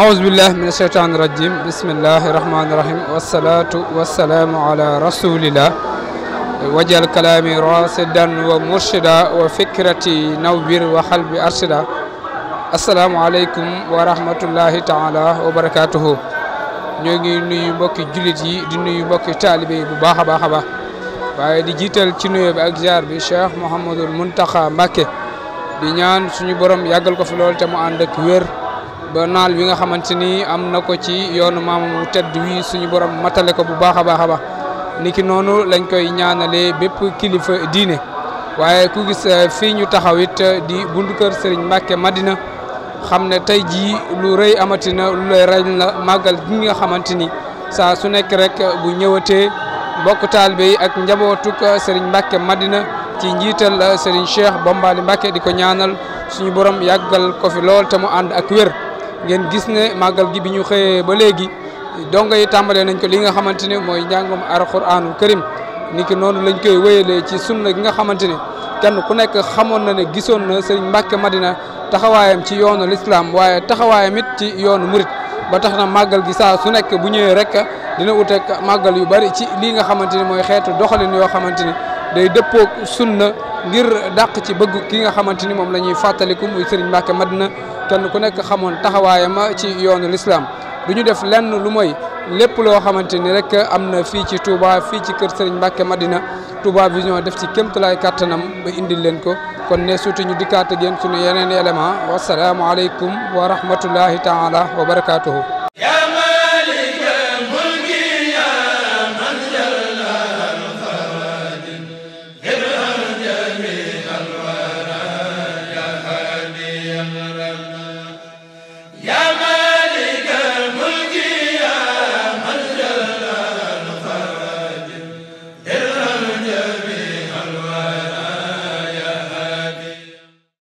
aousubillah min asheytan irajim bismillahi irahmanirahim wasalatu wasalaamu ala rasulillah wajal kalaami rasidan wa murshida wa fikrati nawwir wa xalbi arshida asalaamu aleykum wa rahmatullahi taala wa barakatuhu ñoo ngi nuyu mbokki jullit yi di nuyu mbokki taalibe yi bu baax a baax a baax waaye di jiital ci nuyoo bi ak ziar bi Cheikh Mouhamadul Muntaxa Mbàkke di ñaan suñu borom yàggal ko fi lool te mu ànd ak wér ba naal bi nga xamante ni am na ko ci yoonu maamamu tedd wi suñu borom matale ko bu baax a baax a baax niki noonu lañ koy ñaanalee bépp kilifa diine waaye ku gis eh, fii ñu taxaw it eh, di bundu kër mbake Mbacke Madina xam ne tey jii lu rëy amatina lu lay rëy la màggal gi nga xamante ni saa su nekk rek bu ñëwatee mbokk taalibe yi ak njabootuk Serigne mbake Madina ci njiital eh, Serigne Cheikh Bombali mbake di ko ñaanal suñu borom yàggal ko fi lool te mu ànd ak wér. ngeen gis ne màggal gi bi ñu xëyee ba léegi dongo yi tàmbalee nañ ko li nga xamante ne mooy njàngum alxuraanul karim ni ki noonu lañ koy wéyalee ci sunna gi nga xamante ne kenn ku nekk xamoon na ne gisoon na sëriñ Mbàkke Madina taxawaayam ci yoonu lislaam waaye taxawaayam it ci yoonu murit ba tax na màggal gi saa su nekk bu ñëwee rek dina ut màggal yu bari ci lii nga xamante ne mooy xeetu doxalin yoo xamante ne day dëppoog sunna ngir dàq ci bëgg ki nga xamante ni moom la ñuy fàttaliku muy sëriñ Mbàkke Madina kenn ku nekk xamoon taxawaayam ci yoonu lislaam du ñu def lenn lu mooy lépp loo xamante ni rek am na fii ci Touba fii ci kër Serigne ma dina Touba Vision def ci kéemtalaay kàttanam ba indil leen ko kon ne surtout ñu dikkaat ak yéen suñu yeneen élément wasalaamualeykum wa rahmatullahi taala wa barakaatuhu